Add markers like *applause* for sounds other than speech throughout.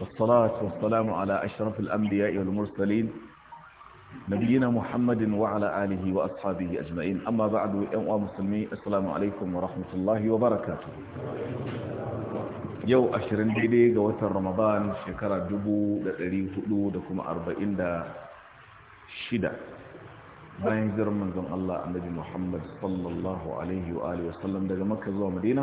والصلاة والسلام على أشرف الأنبياء والمرسلين نبينا محمد وعلى آله وأصحابه أجمعين أما بعد أموى مسلمي السلام عليكم ورحمة الله وبركاته يو أشرين بيدي قوات رمضان شكرا جبو لأريه ألودكم أربعين دا شدة bayan hijirar manzon Allah annabi Muhammad sallallahu alaihi wa alihi wasallam daga Makka zuwa Madina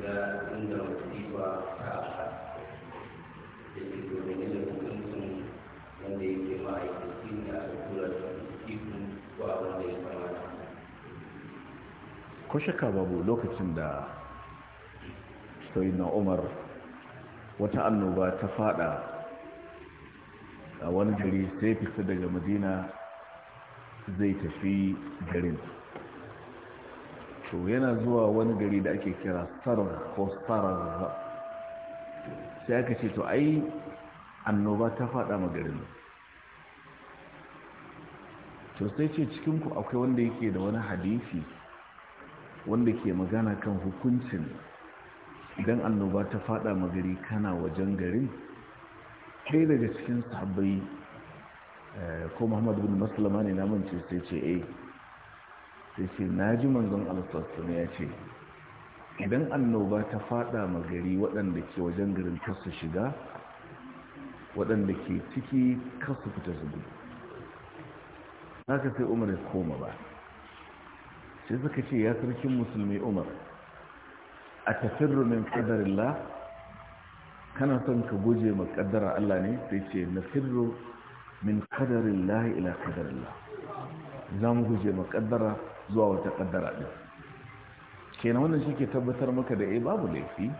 shiga inda masifa ta aka da ke domin da hukuncin wanda yake ma'aikaci na tura da ikon ko abin da ya kamata ko shakka babu lokacin da sai na umar wata annoba ta fada a wani gari sai fita daga madina zai tafi garin to yana zuwa wani gari da ake kira sarar ko sarar sai aka ce to ai annoba ta fada magarin to sai ce cikinku akwai wanda yake da wani hadisi wanda ke magana kan hukuncin idan annoba ta fada magari kana wajen garin kai daga cikin sabai eh, ko muhammadu bin maslama ne namance sai ce eh sai sai na ji manzon alasassun ya ce idan annoba ta fada ma gari waɗanda ke wajen garin kasu shiga waɗanda ke ciki kasu fita su gudu haka sai umar ya koma ba sai suka ce ya sarkin musulmi umar a tafirru min ƙadarillah kana son ka guje maƙaddara Allah ne sai ce na firru min ƙadarillah ila ƙadarillah za mu guje maƙaddara. zuwa wata kaddara din kenan wannan shi ke tabbatar maka da eh babu laifi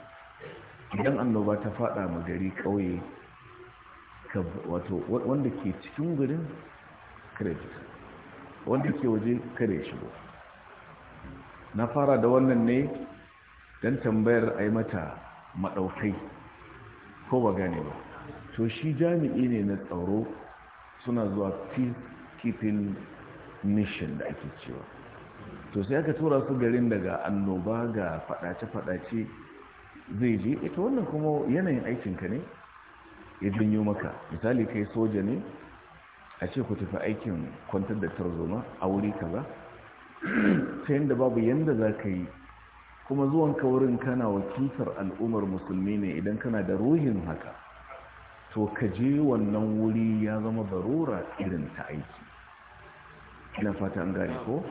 idan annoba ta fada ma gari kauye wanda ke cikin gurin kredit wanda ke waje kare shigo na fara da wannan ne don tambayar a yi mata maɗaukai ko ba gane ba to shi jami'i ne na tsaro suna zuwa peacekeeping nishin da ake cewa to sai aka tura su garin daga annoba ga fadace-fadace zai je ita eh, wannan kuma yanayin aikinka ne ya janyo maka misali kai soja ne a ce ku tafi aikin kwantar da tarzoma a wuri kaza *clears throat* ta yadda babu yadda za ka yi kuma zuwan kaurin kana wakiltar al'ummar musulmi ne idan kana da ruhin haka to ka je wannan wuri ya zama barora irin ta aiki ina fata an gane ko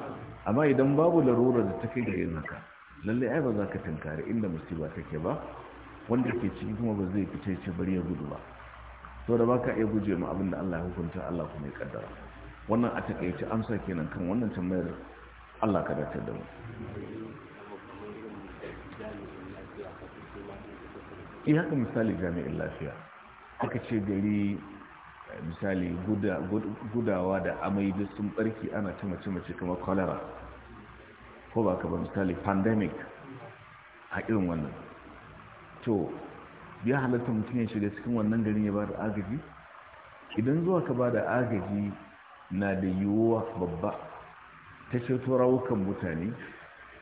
amma idan babu larura da take da yin haka lallai ai ba za ka tankari inda musiba take ba wanda ke ciki kuma ba zai fice ce bari ya gudu ba to da baka iya guje ma abinda da Allah ya hukunta Allah kuma ya kaddara wannan a takaice amsa kenan kan wannan tambayar Allah ka dace da mu iya haka misali jami'in lafiya aka ce gari misali gudawa da amai duk sun barki ana ta mace-mace kamar cholera ko ba ka ba misali pandemic a irin wannan to ya halatta mutum ya shiga cikin wannan garin ya ba da agaji idan zuwa ka ba da agaji na da yiwuwa babba ta ceto rawukan mutane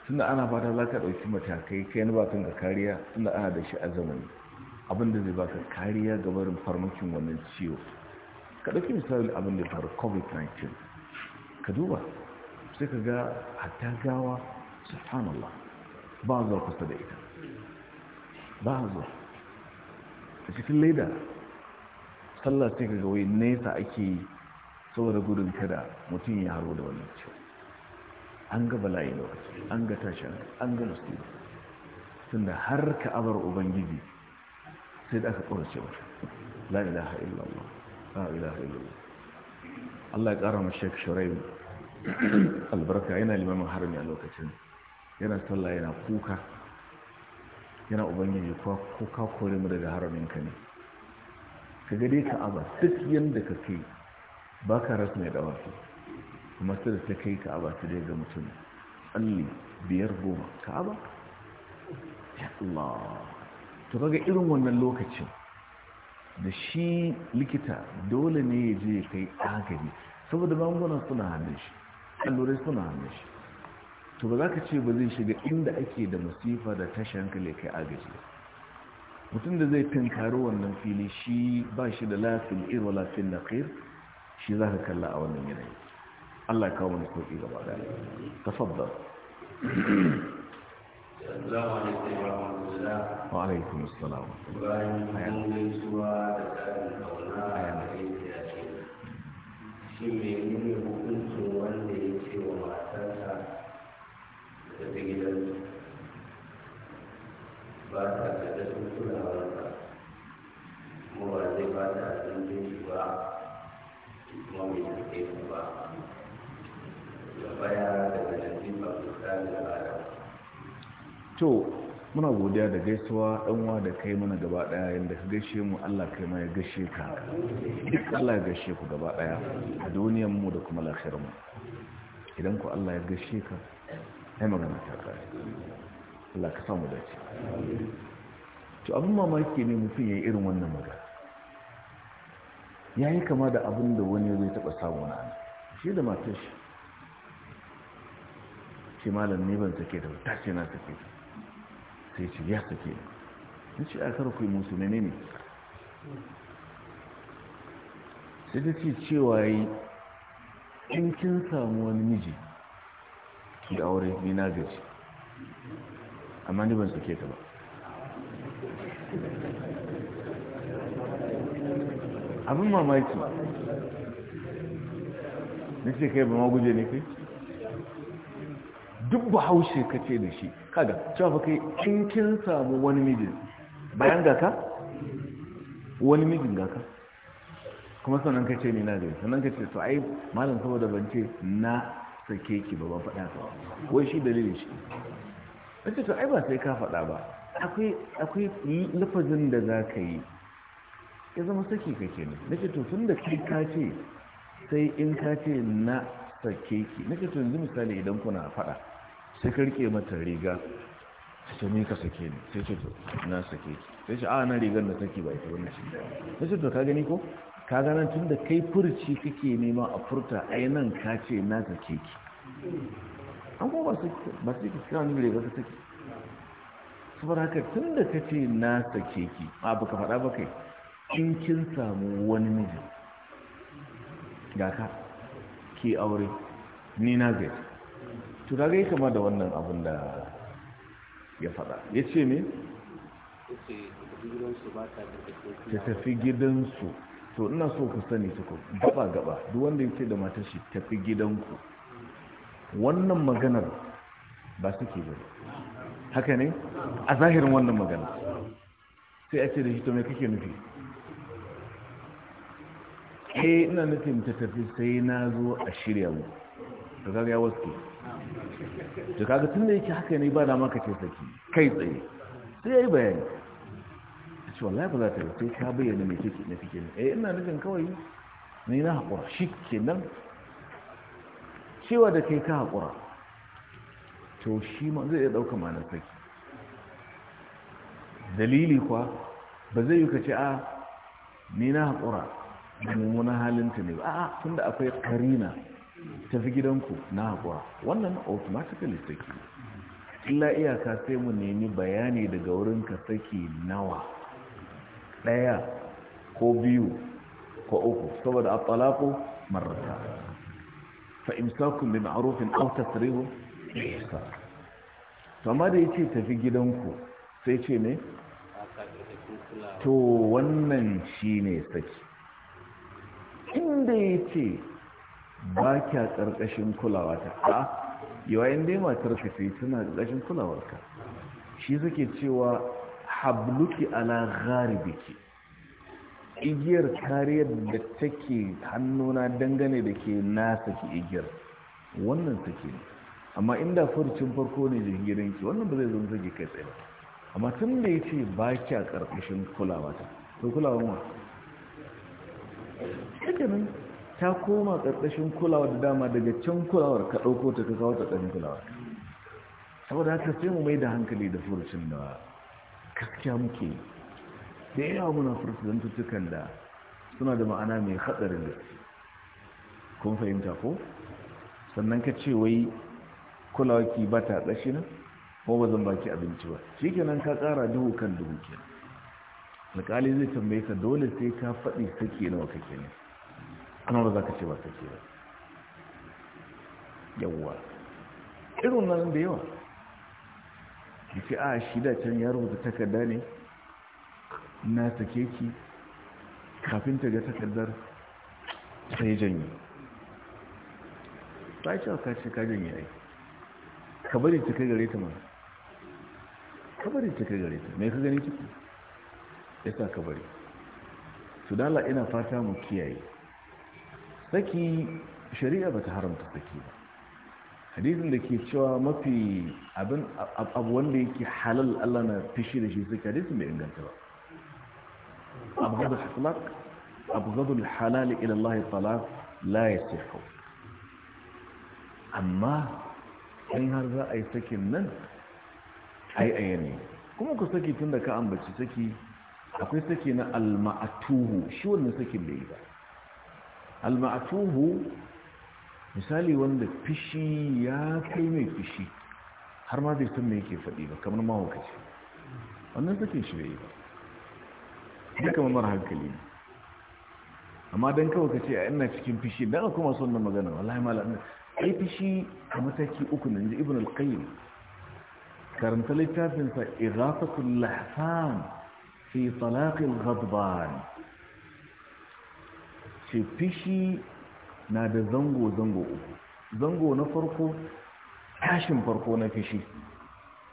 tunda ana fata za ka ɗauki matakai kai na bakan ga kariya tunda ana da shi a zamani abinda zai baka kariya ga barin farmakin wannan ciwo ka ɗauki misali abin da faru covid-19 ka duba sai ka ga hatta gawa subhanallah ba zuwa kusa da ita ba zuwa a cikin leda sallah sai ka gawai nesa ake yi saboda gudun kada mutum ya haro da wannan ciwo an ga bala'i lokaci an ga tashin an ga musulmi tunda har ka abar ubangiji sai da aka ƙorace wata la ilaha illallah Allah ya ƙara mashi shirayin albarka yana limamin harami a lokacin yana sallah yana kuka yana ubangiji kuwa kuka kore mu daga haraminka ne ka gade ka aba duk yadda ka kai ba ka rasu mai dawaki kuma su da ta kai ka aba su dai ga mutum tsalli biyar goma ka aba ya Allah to kaga irin wannan lokacin da shi likita dole ne ya je kai agari saboda magungunan suna hannun shi allurai suna hannun shi to ba za ka ce ba zai shiga inda ake da masifa da tashi hankali kai agaji mutum da zai tunkari wannan fili shi ba shi da lafin irwa lafin naqir shi za ka kalla a wannan yanayi Allah kawo wani kofi gaba da tafaddal السلام عليكم ورحمة الله وعليكم السلام bayan mun gaisuwa da tsarin kauna a ya ce shi mai nuna hukuncin wanda ya ce wa matarsa da ta gidan ba ta da dasu ba zai ba kuma mai take ba gaba ya daga nan ba to muna godiya da gaisuwa wa da kai mana gaba ɗaya yadda ka gaishe mu Allah kai ma ya gaishe ka duk Allah ya gaishe ku gaba ɗaya a duniyar mu da kuma lafiyar mu idan ku Allah ya gaishe ka ai magana ta kare Allah ka samu dace to abin mamaki ne mutum ya yi irin wannan magana ya yi kama da abin da wani zai taɓa samu wani ana shi da matar shi malam ne ban take da ta na take da sai ce ya sake ni ce a karku yi ne ne sai ta ce cewa yi in kin samu wani miji ki aure ni na gaji amma ni ban sake ta ba abin mamaki na ce kai ba maguje ne kai duk bahaushe ka ce da shi kaga cewa fa kai in kin samu wani miji bayan ga ka wani mijin ga ka kuma sannan ka ce ni na gari sannan ka ce to ai malam saboda ban ce na sake ki ba ban faɗa ka wai shi dalilin shi ce to ai ba sai ka faɗa ba akwai akwai lafazin da za ka yi ya zama saki ke ne na ce to tun da kai ka ce sai in ka ce na sake ki na ce to yanzu misali idan kuna faɗa sai ka rike mata riga sai ce ni ka sake ni sai ce to na sake ki sai ce a na rigar da take ba ita wannan shi sai ce to ka gani ko ka gana tun da kai furci kake nema a furta ai nan ka ce na sake ki an kuma ba su ki kira ne ba su take saboda haka tun da ka ce na sake ki a baka faɗa ba kai in kin samu wani miji ga ka ke aure ni na gaji to kama da wannan abin da ya faɗa ya ce ne? ta tafi gidansu to ina so ku sani suku gaba gaba duk wanda ya ce da mata shi tafi gidanku wannan maganar ba suke ba haka ne a zahirin wannan maganar sai a ce da shi to mai kake nufi He eh, ina nufin ta tafi sai na zo a shirya mu ka kaga ya waske to kaga tunda yake haka ne ba da maka ce saki kai tsaye sai yayi bayani ce wallahi ba za ta yi sai ka bayyana me kike na fike ne eh ina nufin kawai ni na haƙura. shi nan. cewa da kai ka haƙura. to shi ma zai iya ma na saki dalili kwa ba zai yi kace a ah, ni na haƙura da mummunan halinta ne ba a tunda akwai karina tafi gidanku na haƙura wannan automatically saki illa iyaka sai mu nemi bayani daga wurin ka saki nawa ɗaya ko biyu ko uku saboda a talaku marata fa imsakun bi ma'rufin Auta tasrihu ihsan to amma da yace tafi gidanku sai ce ne to wannan shi ne saki inda ce. ba kya ƙarƙashin kulawa ta a yawayin dai matar ka sai suna ƙarƙashin kulawarka shi suke cewa habluki ala gharibiki igiyar kariyar da take hannuna dangane da ke nasa ki igiyar wannan take ne amma inda furcin farko ne jingirinki wannan ba zai zama sake kai tsaye amma tun da ya ce ba kya ƙarƙashin kulawa ta to kulawar ma ta koma ƙarƙashin kulawar da dama daga can kulawar ka ɗauko ta ka wata ɗan kulawar saboda haka sai mu mai da hankali da furucin da kaskiya muke da yawa muna furucin tutukan da suna da ma'ana mai haɗarin da kun fahimta ko sannan ka ce wai kulawa ki ba ta ɗashi na ko ba zan baki abinci ba shi kenan ka ƙara duhu kan duhu kenan alƙali zai tambaye ka dole sai ka faɗi sake nawa kake ne An wanda za ka ce ba ta ce ba yawwa irin nan da yawa da fi a shi da can ya rubuta takarda ne na ke ki kafin ta ga takardar sai janye ta yi ka ce ka janye ai ka bari ta kai gare ta ma ka bari ta kai gare ta mai ka gani ciki ya sa ka bari su dala ina fata mu kiyaye saki shari'a ba ta haramta saki ba hadisin da ke cewa mafi abin abu wanda yake halal Allah na fishi da shi saki hadisin bai inganta ba abu gadu hatlaq abu gadu halal ila Allah ya la ya yasihu amma in har za a yi sakin nan ai aya ne kuma ku saki tun da ka ambaci saki akwai saki na alma'atuhu shi wannan sakin bai yi ba alma'atuhu misali wanda fishi ya kai mai fishi har ma bai san me yake faɗi ba kamar mahaukaci wannan sakin shi bai yi ba duka mamar hankali ne amma don kawai ka ce a ina cikin fishi don a kuma son na magana wallahi malam ai fishi a mataki uku na inji ibn al-qayyim karanta littafinsa irafatul lahfan fi talaqil ghadban ce fishi na da zango-zango uku zango na farko tashin farko na fishi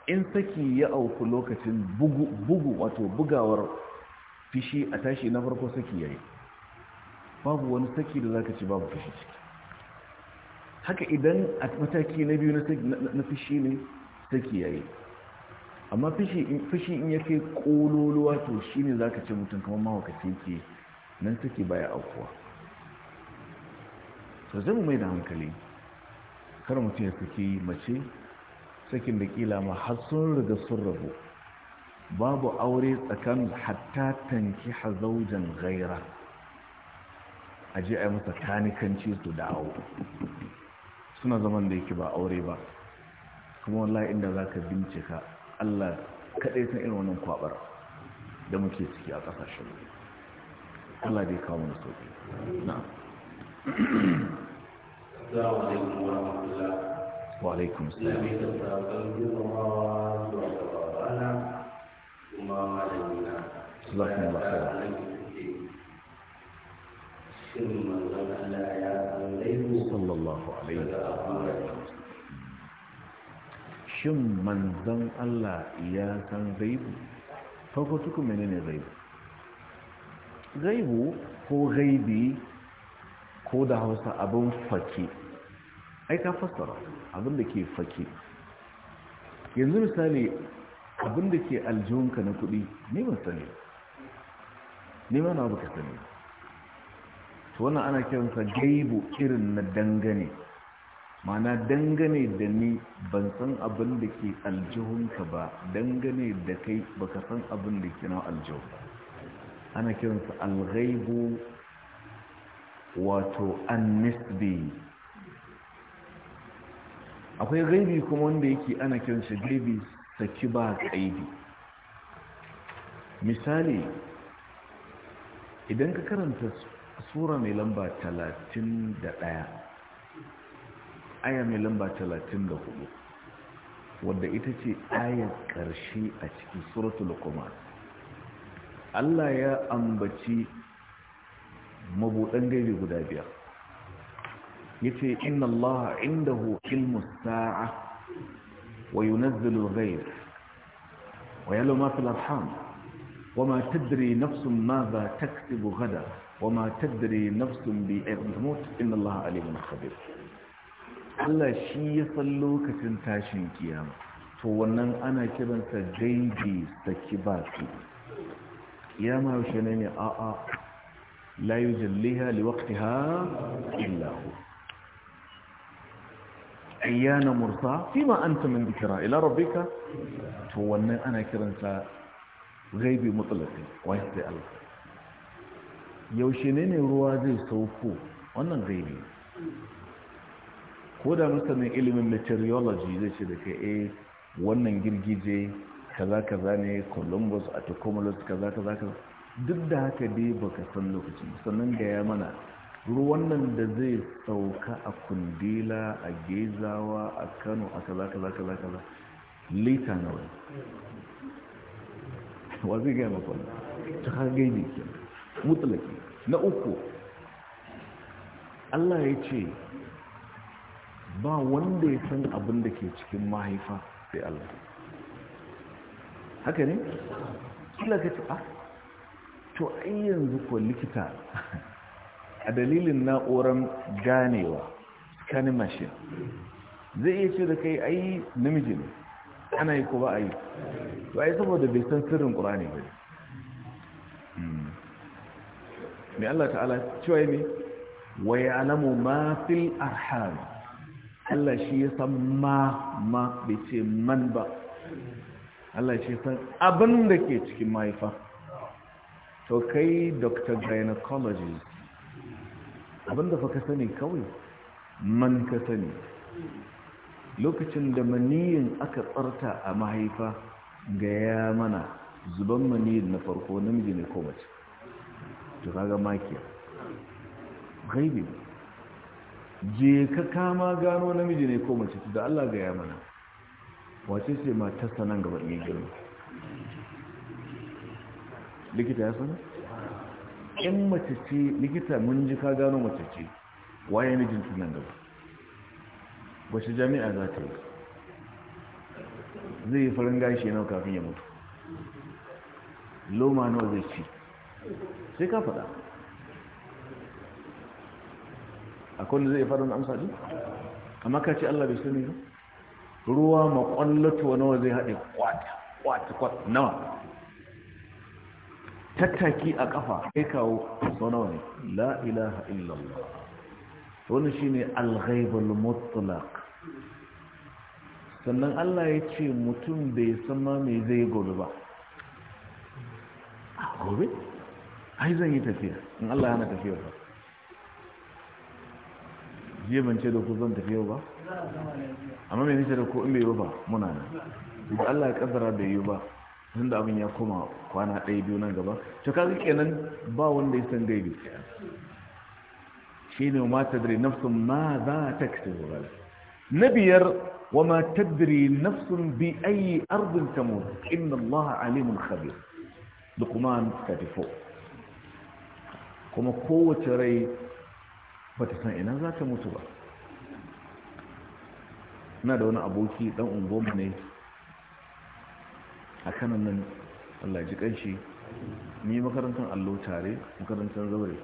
in saki ya auku lokacin bugu wato bugawar fishi a tashi na farko saki yayi babu wani saki da zaka ci babu fishi ciki haka idan a mataki na biyu na fishi ne saki yayi amma fishi in ya kai kololuwa to shi za zaka ce mutum kamar mahaukaci teke nan saki baya aukuwa to zai mu mai da hankali kar mutum ya saki mace sakin da kila ma har sun riga sun rabu babu aure tsakanin hatta tanki hazaujan gaira a je a yi masa tanikanci su dawo suna zaman da yake ba aure ba kuma wallahi inda za ka bincika allah kaɗai san irin wannan kwabar da muke ciki a ƙasashen allah dai kawo mana sauƙi na السلام وعليكم السلام لم الله خير صلى الله عليه وسلم من manzon الله يا san غيب farko tukun menene غيب gaibu ko gaibi ko da hausa abin fake ai ka fassara abin da ke fake yanzu misali abin da ke aljihunka na kuɗi neman sani neman abu ka sani to wannan ana kiransa gaibu irin na dangane mana dangane da ni ban san abin da ke aljihunka ba dangane da kai baka san abin da ke na aljihun ana kiransa alghaibu wato annisbi akwai gaibi kuma wanda yake ana kiransa gaibi saki ba gaibi misali idan ka karanta sura mai lamba 31 aya mai lamba 34 wadda ita ce aya ƙarshe a cikin suratul kuma Allah ya ambaci mabuɗan gaibi guda biyar يتي إن الله عنده علم الساعة وينزل الغيب ويلو ما في الأرحام وما تدري نفس ماذا تكسب غدا وما تدري نفس بإغموت إن الله عليم خبير ألا شي يصلو تنتاشن كيام فوانن أنا كبن سجيدي سكباتي كياما وشنيني آآ لا يجليها لوقتها إلا هو ayyana mursa fima anta min dhikra ila rabbika to wannan ana kiransa ghaibi mutlaqi wai Allah yaushe ne ne ruwa zai sauko wannan ghaibi ko da masanin ilimin meteorology zai ce da kai eh wannan girgije kaza kaza ne Columbus Atacumulus kaza kaza kaza duk da haka dai baka san lokacin sannan ga ya mana ruwan nan da zai sauka a kundila a gezawa a kano a kaza kaza kaza kaza lita na wani wazi gaya maka ta hargai ne ke mutulaki na uku allah ya ce ba wanda ya san abin da ke cikin mahaifa sai allah haka ne? kila ka ce ah, to ayyanzu yanzu ko likita a dalilin na'uran ganewa kanimashin. zai iya ce da kai ayi namiji ne ana yi ko ba ba saboda bai san sirrin ƙurani ba hmm. mai Allah ta'ala cewa ne wa ya alamu ma fil arham Allah shi ya san ma ma bai ce man ba Allah shi ya san abin da ke cikin mahaifa to kai Doctor gynecologist abinda fa ka sani kawai man ka sani lokacin da maniyin aka tsarta a mahaifa ga ya mana zuban maniyin na farko namiji ne ko mace to kaga makiya gaibe je ka kama gano namiji ne ko da Allah ga ya mana wace ce ma matarsa nan gaba ne girma likita ya sani in mace ce likita mun ji ka gano mace ce waye mijin nan gaba shi jami'a za ta yi zai yi farin gashi nau kafin ya mutu loma nawa zai ci sai ka faɗa akwai da zai farin amsa ji amma ka ce allah bai sani ba ruwa makwallatuwa nawa zai haɗe kwata kwata kwata nawa tattaki a kafa kai kawo sau nawa ne la ilaha illallah wani shi ne alghaibul mutlaq sannan allah ya ce mutum bai san ma mai zai gobe ba a gobe? ai zan yi tafiya in allah yana tafiya ba jiya ban ce da ku zan tafiya ba amma mai nisa da ku in bai yi ba muna ne allah ya kaddara bai yi ba tun da abin ya koma kwana ɗaya biyu nan gaba to kaga kenan ba wanda ya san gaibi shi ne ma tadri nafsun ma za ta kace gobe na biyar wa ma nafsun bi ayi ardin tamut inna Allah alimun khabir Luqman 34 kuma kowace rai ba ta san ina za ta mutu ba na da wani aboki dan unguwa ne a kanan nan allah ji kanshi ni makarantar allo tare makarantar zaure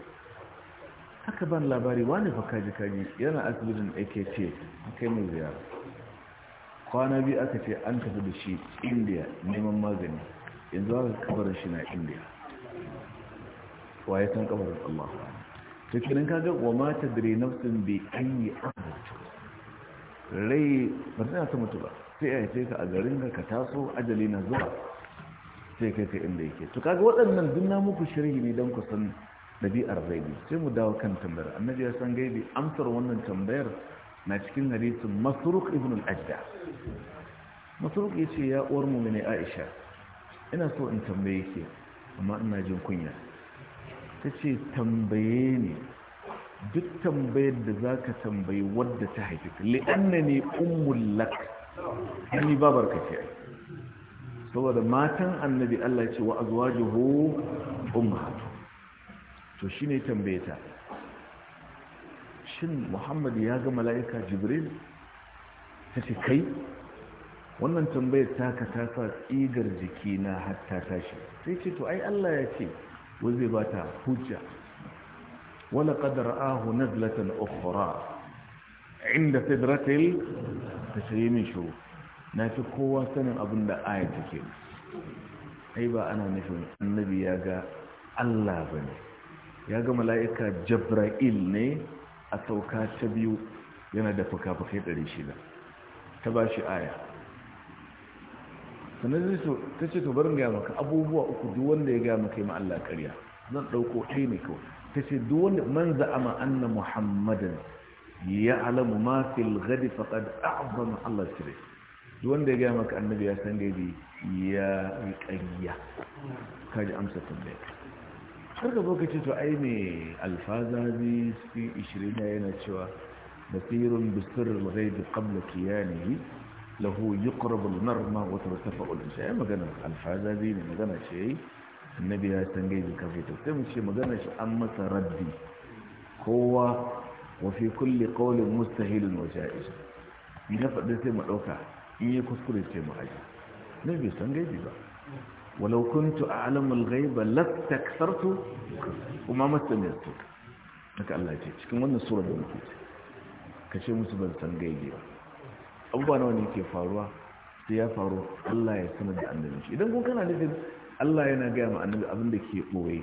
haka ban labari wani fa kaji kaji yana asibitin ake ce kai mai ziyara kwana biyu aka ce an tafi da shi indiya neman magani yanzu aka kabarin shi na indiya waye san kabarin allah ta kiran kaga wa mata dare nafsin bai an yi rai ba ta mutu ba sai ya ce ka a garin da ka taso ajali na zuwa sai kai ka inda yake to kaga waɗannan duk muku shirhi ne don ku san ɗabi'ar gaibi sai mu dawo kan tambayar annabi ya san gaibi amsar wannan tambayar na cikin hadisin masruk ibn al-ajda masruk yace ya uwar mu ne Aisha ina so in tambaye ki amma ina jin kunya tace tambaye ni duk tambayar da zaka tambayi wadda ta haifi ka li'annani ummul lak an yi babar saboda matan annabi Allah ce wa azwajuhu ummahatu to shine tambaye shin Muhammad ya ga mala'ika Jibril ce kai wannan tambayar ta ka ta tsigar jiki na hatta tashi sai ce to ai Allah ya ce Wai zai bata hujja wala qad ra'ahu nazlatan ukhra inda sidratil ta min shuru na fi kowa sanin abin da aya take ai ba ana nufin annabi ya ga allah ba ne ya ga mala'ika jabra'il ne a sauka ta biyu yana da fuka-fukai shida. ta ba shi aya sannan zai ta ce to barin gaya maka abubuwa uku duk wanda ya gaya maka yi ma'alla karya zan ɗauko ɗaya ne kawai ta ce duk wanda man za'ama anna muhammadan alamu ma fil gadi faqad a'zama Allah sirri duk ya ga maka annabi ya san gaibi ya Ka kaji amsa tambaya har da lokaci to ai me alfaza bi cikin ishirin yana cewa basirun bisirul ghaibi qabla qiyamihi lahu yuqrabul narma wa tartafa'ul ya magana alfaza bi magana ce annabi ya san gaibi kafin to sai mu ce magana shi an masa raddi kowa wa fi kulli qawlin mustahilun wa ja'iz in ya faɗi sai mu ɗauka in yi kuskure sai mu aji na bi san gaibi ba walau kuntu a'lamu al-ghaiba lattakfartu kuma mastaniyatu haka Allah ce cikin wannan sura da muke ka ce musu ban san gaibi ba abubuwa nawa ne ke faruwa sai ya faru Allah ya sanar da annabi shi idan kun kana nufin Allah yana gaya ma annabi abin da ke ɓoye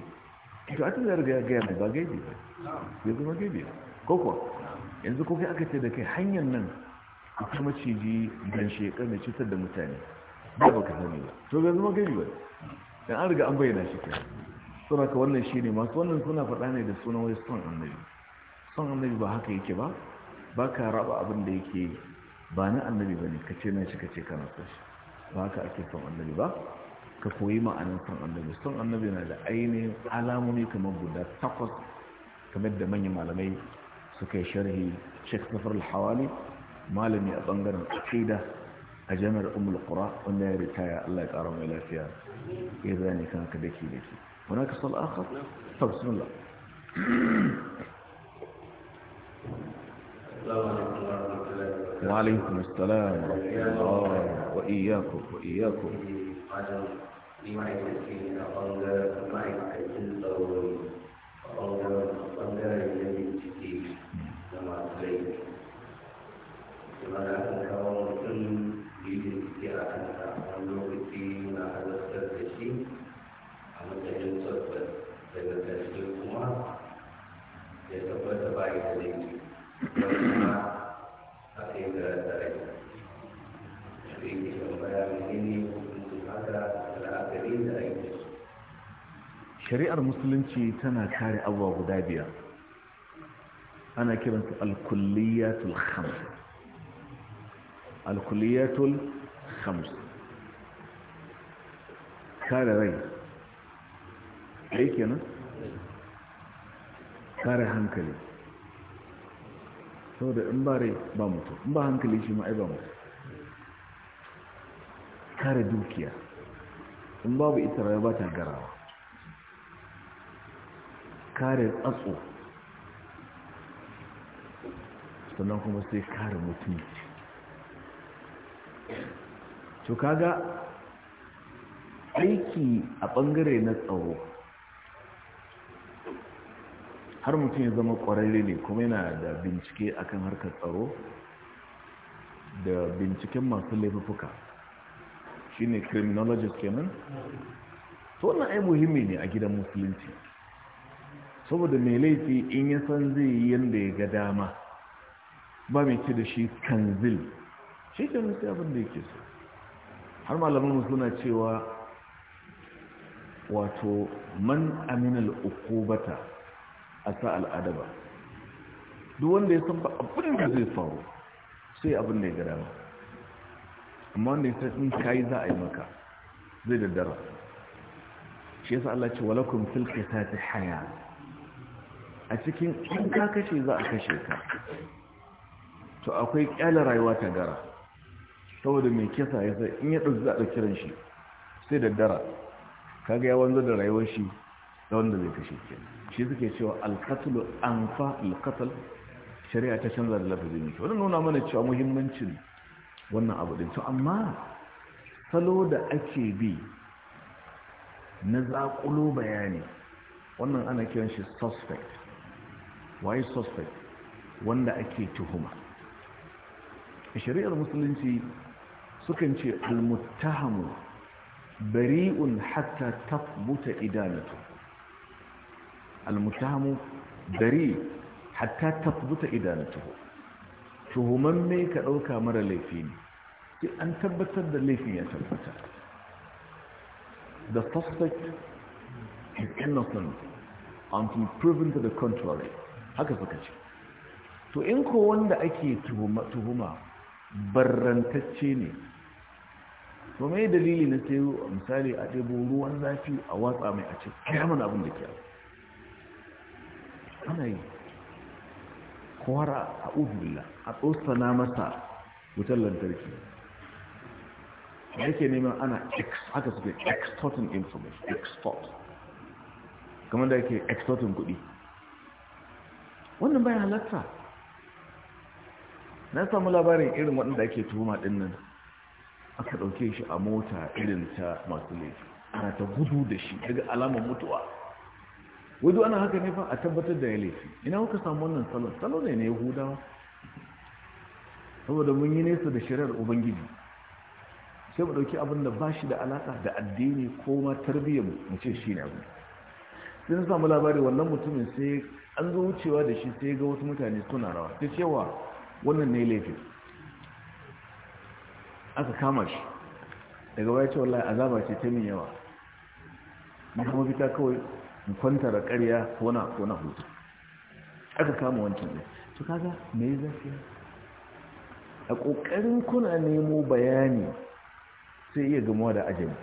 to a tun da ya riga ya gaya ba gaibi ba ya zama gaibi ba Koko, yanzu ko kai aka ce da kai hanyar nan akwai maciji don shekar da cutar da mutane ba ba ka sani ba to bai zama gari ba dan an riga an bayyana shi ke suna ka wannan shi ne masu wannan suna faɗa ne da sunan wai son annabi son annabi ba haka yake ba ba ka raba abin da yake ba na annabi ba ne ka ce na shi ka ce kana so shi ba haka ake son annabi ba ka koyi ma'anin son annabi son annabi na da ainihin alamomi kamar guda takwas kamar da manyan malamai suka yi sharhi sheikh safar al-hawali malami a bangaren aqida a jami'ar umul qura wanda ya ritaya Allah ya kara mai lafiya ya zane kan ka dake dake wani ka sal akhar to bismillah وعليكم السلام ورحمة الله وإياكم وإياكم ma'aikacin a ɓangaren ma'aikacin tsaro a ɓangaren ɓangaren yanayi masu laifi kuma mutum biyu a kansa wani lokaci na halartar da shi a matsayin kuma ya ba da kuma yi haka da da shari'ar musulunci tana kare abubuwa guda biyar ana kiransu alkulliyatul khams alkulliyatul khams kare rai aiki nan kare hankali saboda in ba rai ba mutu in ba hankali shi ma'ai ba mutu kare dukiya in babu ita rai ba ta garawa kare tsatso sannan kuma sai kare mutunci to kaga aiki a bangare na tsaro har mutum ya zama kwararre ne kuma yana da bincike akan harkar tsaro da binciken masu laifuka shine criminologist kenan to wannan ai muhimmi ne a gidan musulunci saboda mai laifi in ya san zai yi yadda ya ga dama ba mai ce da shi kanzil shi ke nufi abin da yake so har malamin suna cewa wato man aminal ukubata a sa al'adaba duk wanda ya san ba abin da zai faru sai abin da ya gada ba amma wanda ya san kayi za a yi maka zai daddara. dara shi yasa Allah ce walakum fil qitati haya a cikin in ka kashe za a kashe ka to akwai kyale rayuwa ta gara saboda mai kisa ya sai in ya ɗauki za a kiran shi sai da dara kaga ya wanzu da rayuwar shi da wanda zai kashe ke shi suke cewa alkatul an fa alkatul shari'a ta canza da lafazi ne wannan nuna mana cewa muhimmancin wannan abu din to amma salo da ake bi na zaƙulo bayani wannan ana kiran shi suspect why suspect wanda ake tuhuma a shari'ar musulunci sukan ce al-muttahamu bari'un hatta tafbuta idanatu al-muttahamu bari hatta tafbuta idanatu tuhumamme ka ɗauka mara laifi ne sai an tabbatar da laifin ya tabbata the suspect is innocent until proven to the contrary haka suka ce to in ko wanda ake tuhuma barrantacce ne to mai dalili na sai misali a ɗebo ruwan zafi a watsa mai a ce kyamun abin da kyau ana yi kwara a ubula a tsotsana masa wutar lantarki yake neman ana aka suke extorting information extort kamar da yake extorting kuɗi wannan bayan halatta na samu labarin irin waɗanda ake tuhuma ɗin nan aka ɗauke shi a mota irin ta masu laifi ana ta gudu da shi daga alamar mutuwa wadu ana haka ne fa a tabbatar da ya laifi ina kuka samu wannan salon salon ne na yahudawa saboda mun yi nesa da shirar ubangiji sai mu ɗauki abin da ba shi da alaƙa da addini ko ma tarbiyyar mu ce shi ne abu sai na samu labari wannan mutumin sai an zo wucewa da shi sai ga wasu mutane suna rawa ta cewa wannan ne laifin aka kama shi daga waya ce wallahi azaba ce ta min yawa na kuma fita kawai mu kwanta da ƙarya ko na ko na hutu aka kama wancan ne to kaga me ya zafi a ƙoƙarin kuna nemo bayani sai iya gamuwa da ajami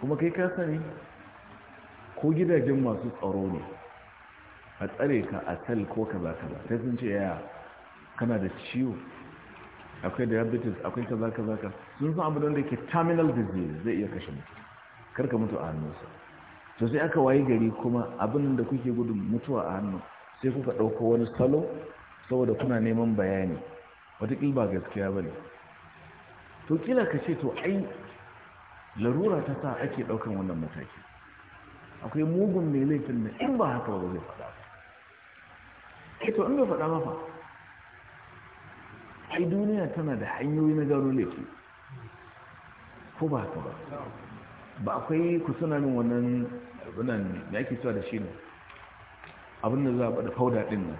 kuma kai ka sani ko gidajen masu tsaro ne a tsare ka a sal ko kaza kaza sai sun ce yaya kana da ciwo akwai diabetes akwai kaza kaza ka sun san abu da ke terminal disease zai iya kashe Kar ka mutu a hannunsa to sai aka wayi gari kuma abin da kuke gudun mutuwa a hannu sai kuka ɗauko wani salo saboda kuna neman bayani wata ba gaskiya ba ne to kila ka ce to ai larura ta sa ake ɗaukan wannan mataki akwai mugun mai laifin da in ba haka ba zai faɗa ba eh to in bai faɗa mafa ai duniya tana da hanyoyi na gano laifi ko ba ta ba ba akwai ku suna min wannan abinan da ake cewa da shi ne abin da za a bada fauda din nan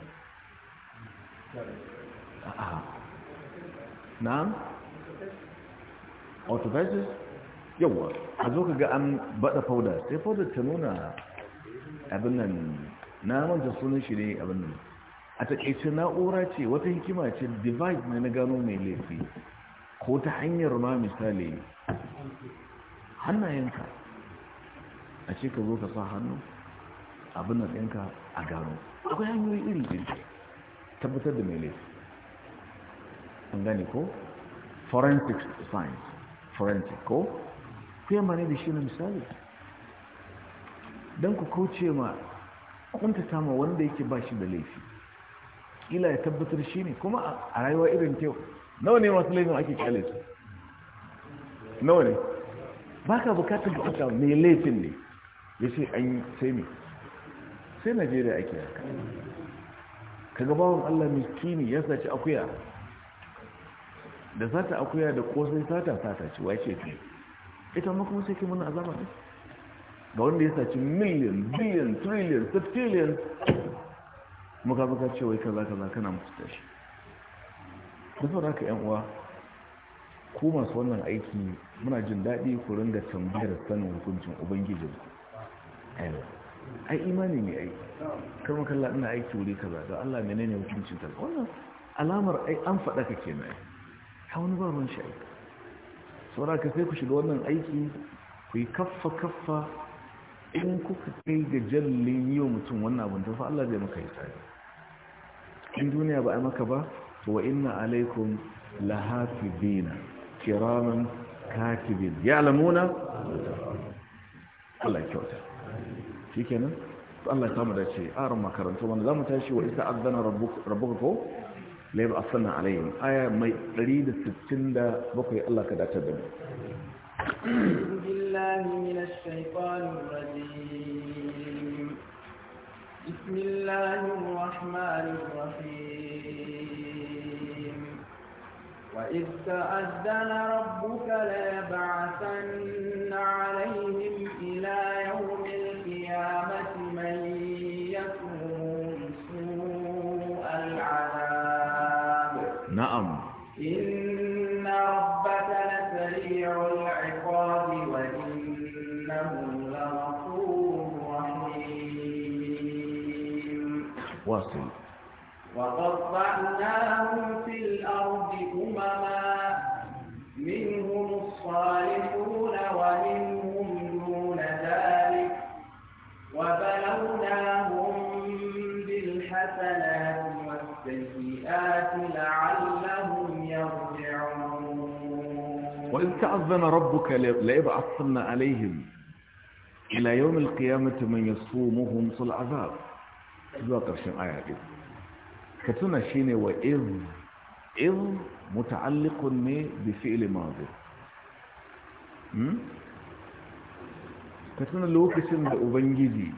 na'am autophages yawa a zo ka ga an bada fauda sai fauda ta nuna abin nan na manta sunan shi ne abin nan a takaice na'ura ce wata hikima ce device ne na gano mai laifi ko ta hanyar ma misali hannayenka a ce ka zo ka sa hannu abin da ɗinka a gano akwai hanyoyi iri iri tabbatar da mai laifi an gane ko forensic science forensic ko ma ne da shi na misali don ku kauce ma kuntata ma wanda yake ba shi da laifi kila ya tabbatar shi ne kuma a rayuwa irin tewa nawa ne masu laifin ake kyale su nawa ne ba ka bukatar da kuka mai laifin ne ya ce an yi sai ne sai najeriya ake yaka ka gabawan allah miskini ya saci akuya da sata akuya da kosai sata sata ce wace ce ita makon sai ke muna azama ne ga wanda ya saci miliyan biliyan triliyan septiliyan muka baka ce wai zaka kaza kana mutunta shi da saboda haka yan uwa ku masu wannan aiki muna jin daɗi ku ringa tambayar sanin hukuncin ubangijin ayo ai imani ne ai kar mu kalla ina aiki wuri kaza da Allah menene hukuncin ta wannan alamar ai an faɗa ka kenan ka wani ba ruwan shi ai saboda ka sai ku shiga wannan aiki ku yi kaffa kaffa in kuka kai ga jallin yi wa mutum wannan abin ta fa Allah zai maka yi tsari in duniya ba a maka ba wa inna alaikum lahafizina kiraman katibin ya lamuna Allah ya kyauta shi kenan Allah ya samu da ce aron makarantu wanda za mu tashi wa isa azana rabuka ko laiba asana alayhim aya mai 167 Allah ka dace da mu billahi minash shaitanir rajim بسم الله الرحمن الرحيم وإذ تأذن ربك ليبعثن عليهم وَقَطَعْنَاهُمْ فِي الْأَرْضِ أُمَمًا مِنْهُمُ الصَّالِحُونَ وَمِنْهُمْ دُونَ ذَلِكَ وَبَلَوْنَاهُمْ بِالْحَسَنَاتِ وَالسَّيِّئَاتِ لَعَلَّهُمْ يَرْجِعُونَ وإن تَأَذَّنَ رَبُّكَ لَيَبْعَثَنَّ عَلَيْهِمْ إلى يوم القيامة من يصومهم صلى العذاب ذو قرشن آية ka tuna ne wa irin iz muta'alliqun ne bi fi'li madhi hmm? ka tuna lokacin da ubangiji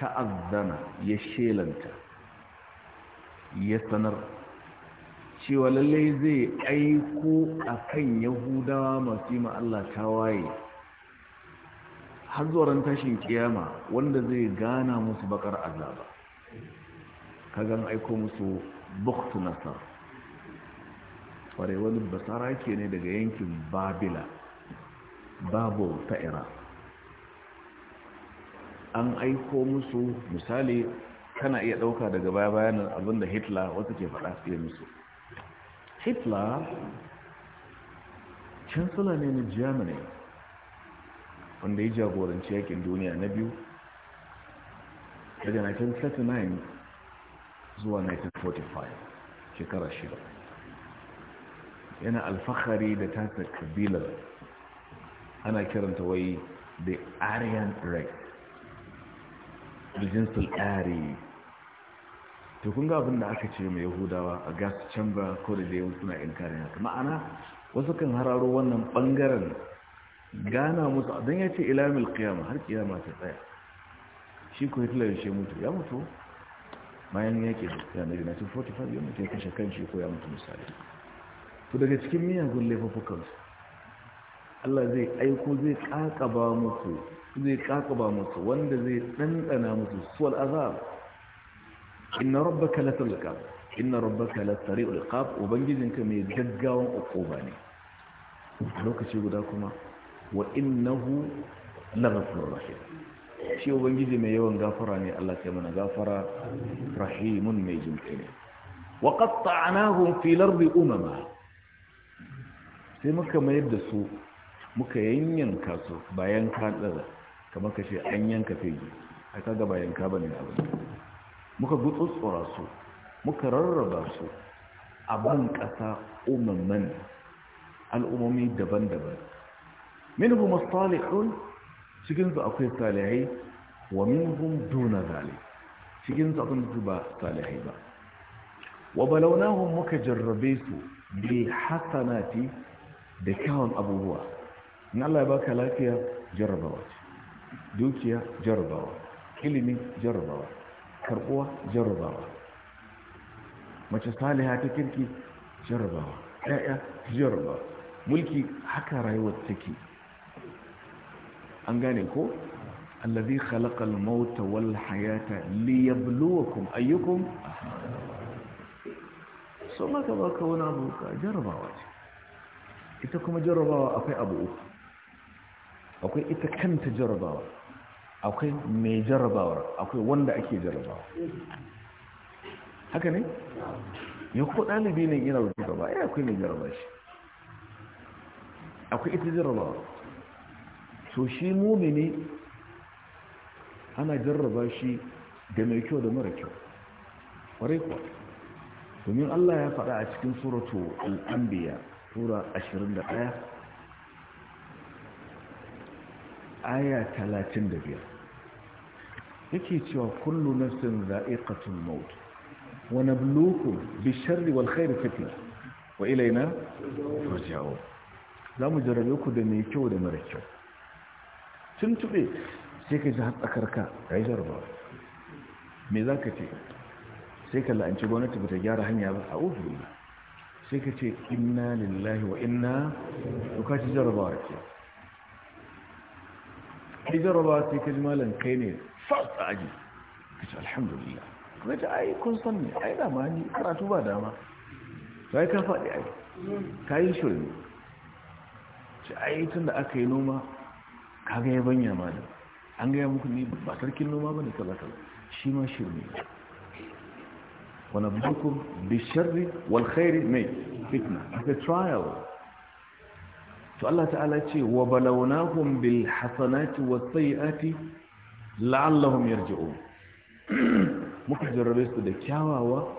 ta'azzana ya shelanta ya sanar cewa lallai zai aiko kan yahudawa masu yi Allah tawaye har zuwa tashin kiyama wanda zai gana musu bakar azaba Ka kagan aiko musu buktu nasar kwarewar basara ke ne daga yankin babila babu ta ira an aiko musu misali kana iya ɗauka daga baya bayanin abinda hitler wata ke faɗa fiye musu hitler chancellor ne na germany wanda ya jagoranci yakin duniya na biyu daga 1939 zuwa 1945 shekara shida yana alfahari da tasa kabilar ana kiranta wai the aryan race da jinsul ari to kun ga abin da aka ce mai yahudawa a gas chamber ko da dai suna inkarin haka ma'ana wasu kan hararo wannan bangaren gana musu don ya ce ilamil kiyama har kiyama ta tsaya shi ko hitler ya ce mutu ya mutu bayan yake da na 1945 yau mutum kashe kan shi ya mutu misali to daga cikin miyagun su Allah zai aiko zai kakaba musu zai kakaba musu wanda zai ɗanɗana musu suwal azab inna rabbaka la tulqa inna rabbaka la sari'ul iqab ubangijinka mai gaggawan ukuba ne lokaci guda kuma wa innahu la ghafurur rahim shi ubangiji mai yawan gafara ne Allah kai mana gafara rahimun mai jinkai ne wa qatta'nahum fi lardi umama sai muka mayar da su muka yanyanka su bayan ka kamar ka ce an yanka fegi a kaga bayan ka bane abu muka gutsutsura su muka rarraba su a ban ƙasa umaman al'umomi daban-daban minhum as-salihun cikinsu akwai salihai wa minhum duna zalik akwai ba salihai ba wa balawnahum muka jarrabe su bi hasanati da kyawun abubuwa in Allah ya baka lafiya jarrabawa dukiya jarrabawa ilimi jarrabawa karbuwa jarrabawa mace saliha ta kirki jarrabawa ƴaƴa jarrabawa mulki haka rayuwar take an gane ko allazi khalaqal mauta wal hayata liyabluwakum ayyukum so maka baka wani abu ka jarabawa ce ita kuma jarabawa akwai abu uku akwai ita kanta jarabawa akwai mai jarabawar akwai wanda ake jarabawa haka ne ya ko ɗalibi ne yana rubuta ba ya akwai mai jaraba shi akwai ita jarabawa to shi mumini ana jarraba shi da mai kyau da mara kyau ƙwarai kuwa domin Allah ya faɗa a cikin suratu al'ambiya sura 21 aya 35 yake cewa kullu nafsin za'iqatul maut wa nabluukum bish-sharri wal khairi fitna wa ilayna turja'un zamu jarrabe ku da mai kyau da mara kyau tuntube sai ka ji hatsakarka ya yi jarabawa me za ka ce sai ka la'anci gwamnati ba ta gyara hanya ba a ofin sai ka ce inna lillahi wa inna duka ci jarabawa ce ai jarabawa sai ka ji malam kai ne fasta aji ka ce alhamdulillah kuma ta ai kun san ne ai dama ni karatu ba dama to ai ka faɗi ai ka yi shirin ce ai tun da aka yi noma kaga ya banya mana an gaya muku ne ba sarkin noma ba da talaka shi ma shirme wani bukun bisharri walkhairi mai fitna a trial to Allah ta'ala ce wa balawnahum bil hasanati was sayyiati la'allahum yarji'un *clears throat* muka jarrabe su da kyawawa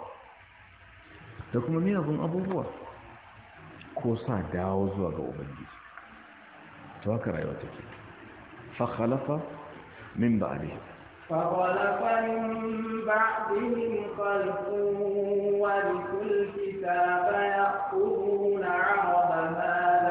da kuma miyagun abubuwa ko sa dawo zuwa ga ubangiji to haka rayuwa take فخلف من بعدهم فخلف من بعدهم خلف ولكل كتاب يأخذون عرض هذا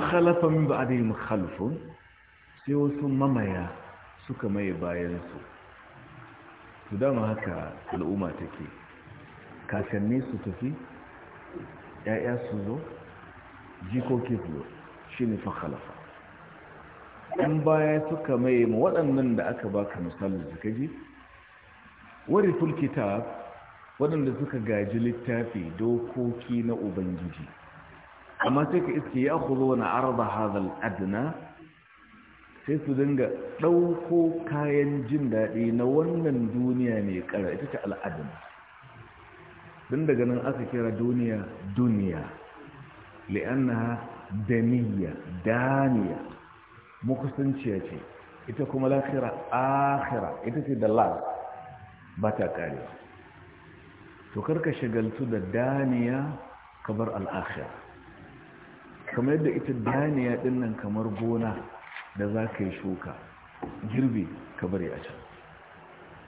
fakhalafa min ba'dihim khalfun sai wasu mamaya suka mai bayansu. su dama haka al'umma take kakanni su tafi ya'ya su zo jikoki su zo shine fakhalafa in baya suka mai ma waɗannan da aka baka misali da ji wari kitab waɗanda suka gaji littafi dokoki na ubangiji amma sai ka iske ya kuzo na arba hazal adna sai su dinga ɗauko kayan jin daɗi na wannan duniya mai ƙara ita ce al'adun don daga nan aka kira duniya duniya li'annaha daniya daniya makusanciya ce ita kuma lafira akhira ita ce da las ba ta kare to karka shagaltu da daniya kabar al'akhira kamar yadda ita daniya din nan kamar gona da za ka yi shuka girbi ka bari a can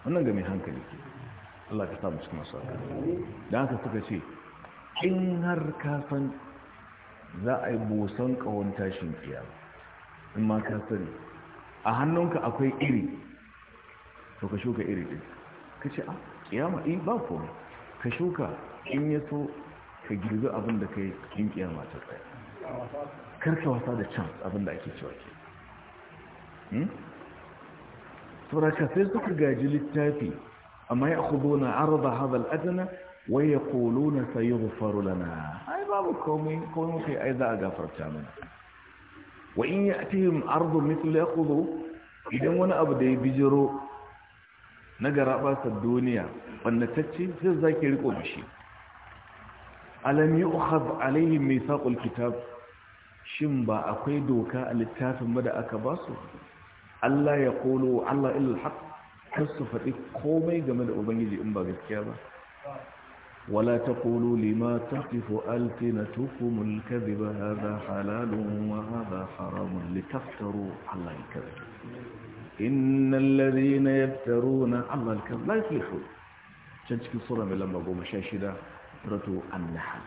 wannan ga mai hankali ke Allah ka samu cikin masu da haka suka ce in har kafan za a yi busan kawon tashin kiyama in ma ka sani a hannunka akwai iri to ka shuka iri ɗin ka ce a ah, kiyama ɗin eh, ba ka shuka in ya so ka girbi abin da ka yi in kiyama ta tsaye karka wasa da chance abinda ake cewa ke hmm? sauraka sai suka gaji littafi amma ya kudu na arba hazal adana wai ya kolo na sayi rufaru lana ai babu komai komai kai ai za a gafarta mana wa in ya atihim arzu mitul ya kudu idan wani abu da ya bijiro na garaɓasar duniya ce sai za ki riko mashi alam yi uhaz alaihim mai saƙul kitab shin ba akwai doka a littafin ba da aka ba su Allah ya kolo Allah ilil haq kar su faɗi komai game da ubangiji in ba gaskiya ba wala taqulu lima na tuku taqifu altinatukum alkadhiba hadha halalun wa hadha haramun Allah ya litaftaru ala alkadhib innal ladhina yaftaruna ala alkadhib ya yuflihun can cikin sura mai lamba goma 16 suratu an-nahl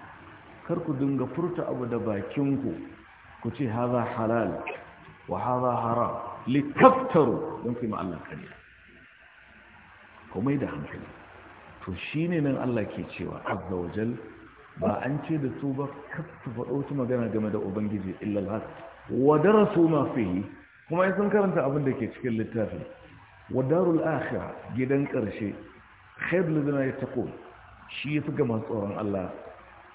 kar ku dinga furta abu da bakinku ku ce haza halal wa haza haram littaftaru don ku yi ma'allar kariya komai da hankali to shi ne nan Allah ke cewa azza wa jal ba an ce da su ba kasu faɗo su magana game da ubangiji illal haq wa darasu ma fihi kuma in sun karanta abin da ke cikin littafin wadarul darul gidan ƙarshe khair lidina yattaqun shi yafi ga masu tsoron Allah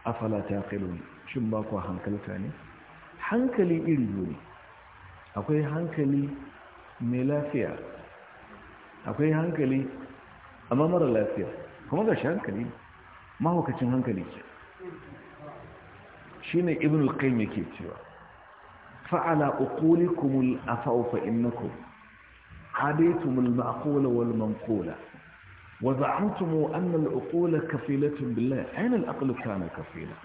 afala taqilun shin ba ku hankalta ne hankali iri ne akwai hankali mai lafiya akwai hankali amma mara lafiya kuma ga shi hankali mahaukacin hankali ce shi ne ibn al-qaim yake cewa fa'ala uqulikumul afawfa innakum hadaytumul ma'qula wal manqula wa za'amtum anna al-uqula kafilatun billah ayna al-aqlu kana kafila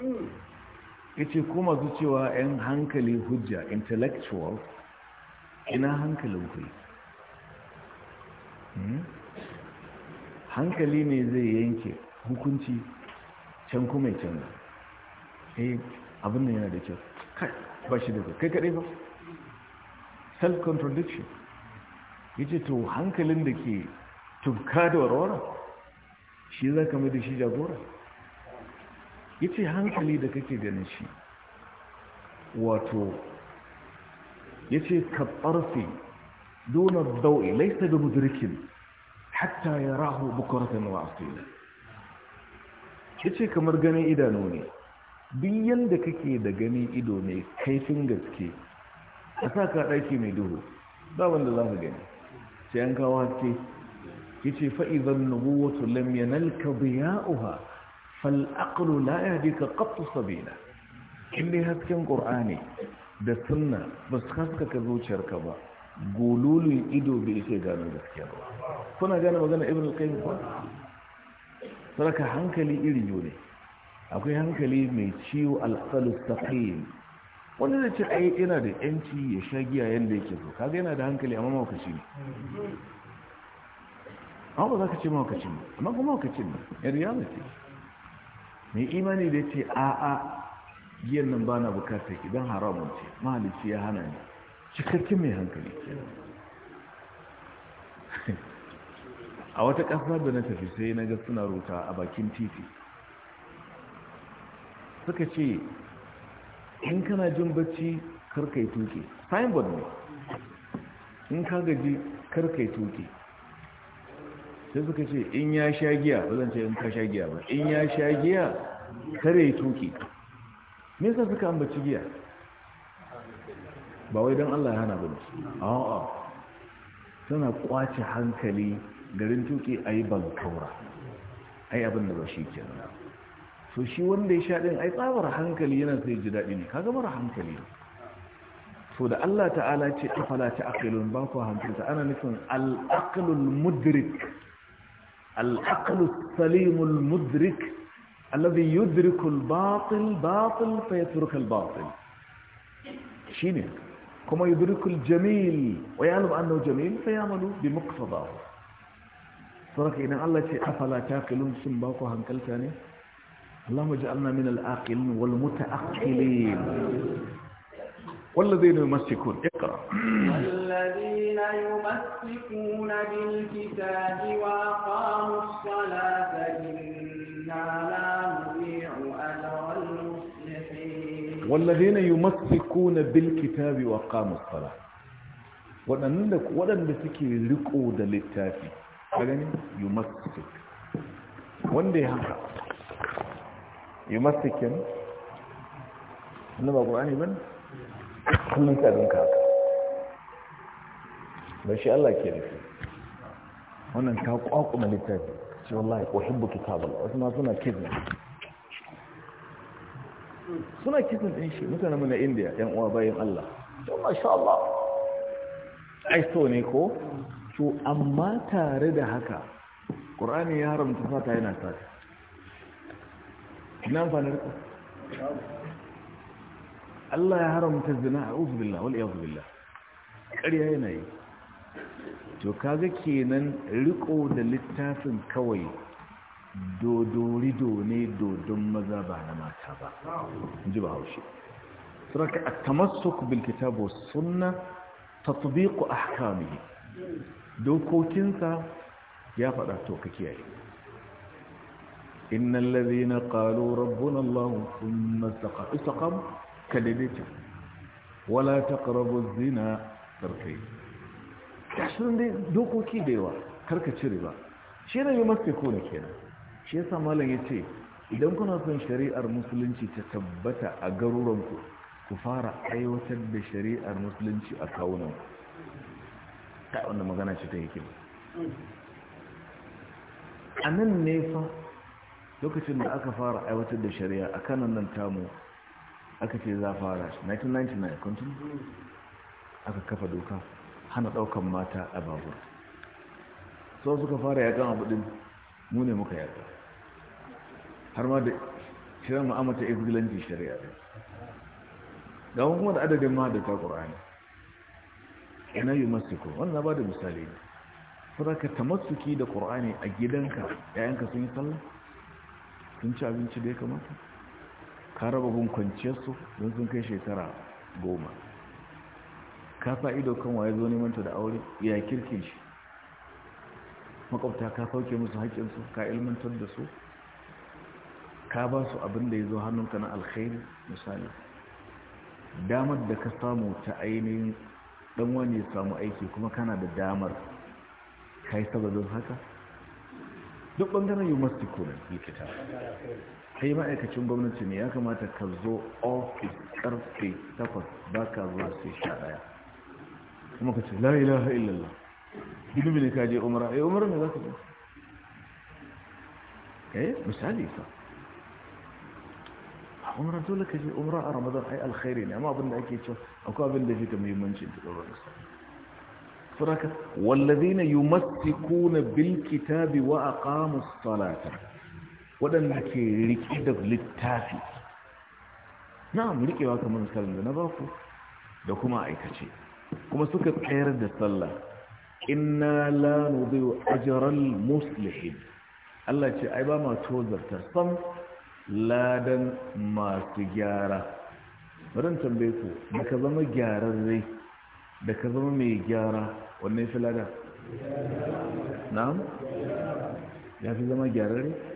ya kuma su cewa 'yan hankali hujja intellectual ina hankalin ku hmm? hankali ne zai yanke hukunci can kuma can eh abin da yana da kyau kai ba shi da kai kadai ba self-contradiction yace to hankalin da ke tufka da warwara shi za mai da shi jagora yace hankali da kake ganin shi wato yace ce kaɓarfi donar laisa da mudrikin hatta ya rahu bukuratan wa asila ya kamar ganin idanu ne duk yanda kake da gani ido ne kaifin gaske a sa ka ɗaki mai duhu ba wanda za ka gani sai an kawo haske ya ce fa'izan nubuwatu lam yanalka biya'uha فالعقل لا يهديك قط سبيلا كلي هكين قرآني ده سنة بس خسك كذو شركبا قولولي ادو بإيكي قانو بسكير فنا جانا بغانا ابن القيم فنا فلك حنك لي إرجولي أكو حنك لي ميشيو الأقل السقيم wani da ce a yi ina da yanci ya sha giya yadda yake so kaga yana da hankali amma makwaci ne amma ba za ka ce makwaci ne amma kuma mai imani da ce a'a giyan nan ba na bukatar idan haramun ce mahalici ya hana ne cikakken mai hankali a wata ƙasa da na tafi sai na ga suna ruta a bakin titi suka ce in kana jin bacci karkai tuke signboard ne in ka gaji karkai tuke sai suka ce in ya sha giya ba zan ce in ka sha giya ba in ya sha giya kare ya tuki me yasa suka ambaci giya ba wai don Allah ya hana ba ne a'a tana kwace hankali garin tuki a yi bankaura ai abin da ba shi kenan so shi wanda ya sha ɗin yi tsabar hankali yana sai ji daɗi ne kaga mara hankali so da Allah ta'ala ce afala ta aqilun ba ku hankalta ana nufin al-aqlul mudrik العقل السليم المدرك الذي يدرك الباطل باطل فيترك الباطل شيني كما يدرك الجميل ويعلم أنه جميل فيعمل بمقتضاه صدق إن الله شيء أفلا تاقلون سنباقوا هنكلتاني اللهم اجعلنا من الآقلين والمتأقلين والذين يمسكون اقرا الذين يمسكون بالكتاب واقاموا الصلاه ان لا wadanda suke riko da littafi gani you must stick wanda ya haka you must stick in annabawa ne ban kullum ka abin ka haka bai shi Allah ke nufi wannan ka na littafi ce wallahi buki kabal wasu ma suna kidna suna kidna ɗin shi mutane mu na indiya yan uwa bayan Allah don masha Allah ai so ne ko to amma tare da haka ƙorani ya haramta fata yana tafi. ina amfani da Allah ya haramta zina a uzubillah wal iyadu billah ƙarya yana yi to kaga kenan riko da littafin kawai dodorido ne dodon maza ba na mata ba ji ba haushe suraka a tamassuk bil kitabu sunna tatbiqu ahkamihi dokokinsa ya faɗa to ka kiyaye innal ladhina qalu rabbuna allah thumma istaqamu ka daidaita wala taqrabu zina Ya kashin dai dokoki da yawa karka cire ba shi ne mafi kone kenan shi yasa malam ce, idan kuna son shari'ar musulunci ta tabbata a garuranku ku fara aiwatar da shari'ar musulunci a kawunan ta wanda magana ce ta yake a nan ne fa lokacin da aka fara aiwatar da shari'a a kanan nan tamu aka ce za fara 1999 kuntun aka kafa doka hana daukan mata a babur so suka fara ya kan abudin mu ne muka yarda har ma da shirin ma'amata izgilanci shari'a din ga kuma da adadin ma da ta ƙura'ani ina yi masiko wannan ba da misali ne masu ki da ƙur'ani a gidanka yayanka sun yi sallah sun ci abinci da ya kamata ka raba gun kwanciyarsu don sun kai shekara goma ka sa ido kan waye zo neman ta da aure ya kirkin shi makwabta ka sauke musu haƙƙinsu ka ilmantar da su ka ba su abin da ya zo hannunka na alkhairi misali damar da ka samu ta ainihin dan wani ya samu aiki kuma kana da damar ka yi sababin haka duk ɓangaren yi masu yi likita kai ma'aikacin gwamnati ne ya kamata ka zo ofis karfe 8 ba ka zuwa sai sha daya kuma ka ce la ilaha illallah ilimi ne ka je umara ai umara ne za ka zo eh misali fa umara dole ka je umara a ramadan ai alkhairi ne amma abin da ake cewa akwai abin da fi ka muhimmanci da tsoron sa saboda wallazina yumassikuna bil kitabi wa aqamus salata waɗanda ke riƙe da littafi na riƙewa kamar misalin da na baku da kuma aikace kuma suka tsayar da sallah inna la nudiyu ajral muslimin Allah ce ai ba ma tozarta sam ladan masu gyara barin tambaye ku da ka zama gyararre da ka zama mai gyara wanne fi lada na'am ya fi zama gyararre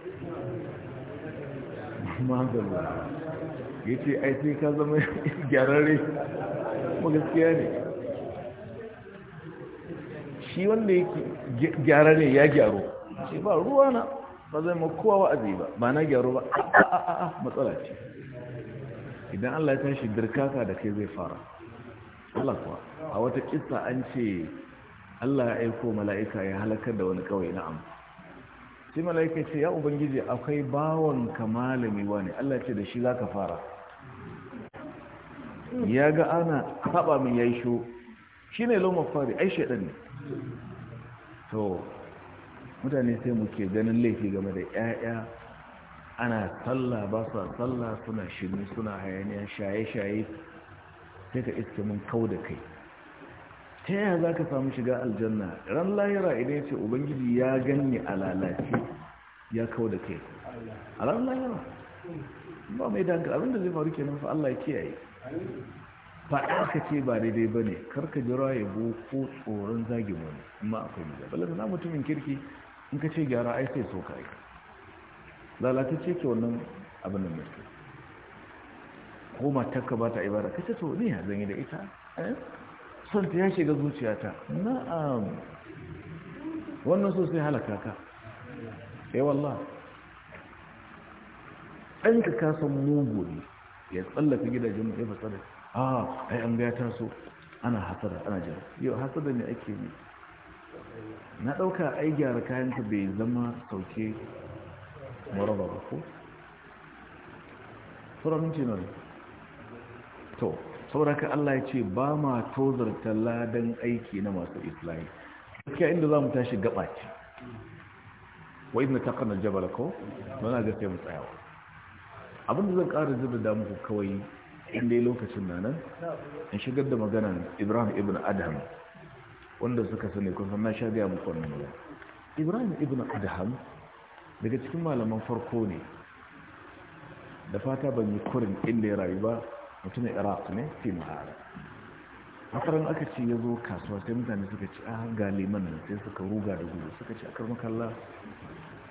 magana ya ce ai sai ka zama gyararre magaskiya ne shi wanda gyara ne ya gyaro ce ba ruwa na ba zai makowa wa'azi ba ba na gyaro ba a matsala ce idan Allah ya tashi dirkaka da kai zai fara Allah kuwa a wata kisa an ce Allah ya aiko mala'ika ya halakar da wani kawai na amma sai mala'ika ce ya ubangiji akwai bawon malami wani Allah ce da shi za ka fara ya ga ana haɓa min ya yi sho shi ne lomar fari ai shaɗan ne to mutane sai muke ganin laifi game da 'ya'ya ana sallah ba su sallah suna shirme suna hayaniya shaye-shaye sai ka iske mun kau da kai ta yaya za ka samu shiga aljanna ran lahira idan ya ce ubangiji ya ganye a lalace ya kawo da kai a ran lahira ba mai abin abinda zai faru kenan fa Allah ya kiyaye faɗa ka ce ba daidai ba ne karka jira ya bo ko tsoron zagin wani amma akwai mu zabala na mutumin kirki in ka ce gyara ai sai soka ka yi lalatacce ke wannan abin da mutum ko ka ba ta ibada ka ce to ne ya zanyi da ita eh? son ya shiga zuciyata na'am wannan so sai halaka ka eh wallah ɗanka ka san mugu ne ya tsallaka gidajen mu ya a ai an gaya taso ana hasada ana jira yau hasada ne ake ne na ɗauka ai gyara kayanka bai zama sauke maraba ba ko? tsoron ne to sauraka Allah ya ce ba ma tozarta ladan aiki na masu islami gaskiya inda za mu tashi gaba ce wa izina ta kanar jabal ko mana ga sai mu tsayawa da zan ƙara zirga da muku kawai inda ya lokacin na nan in shigar da maganan ibrahim ibn adam wanda suka sani kun san na sha gaya muku wannan ibrahim ibn adam daga cikin malaman farko ne da fata ban yi kurin inda ya rayu ba mutumin iraq ne fi mahara makarar aka ce ya zo kasuwa sai mutane suka ci a ah, ga liman nan sai suka ruga da gudu suka ce akar makalla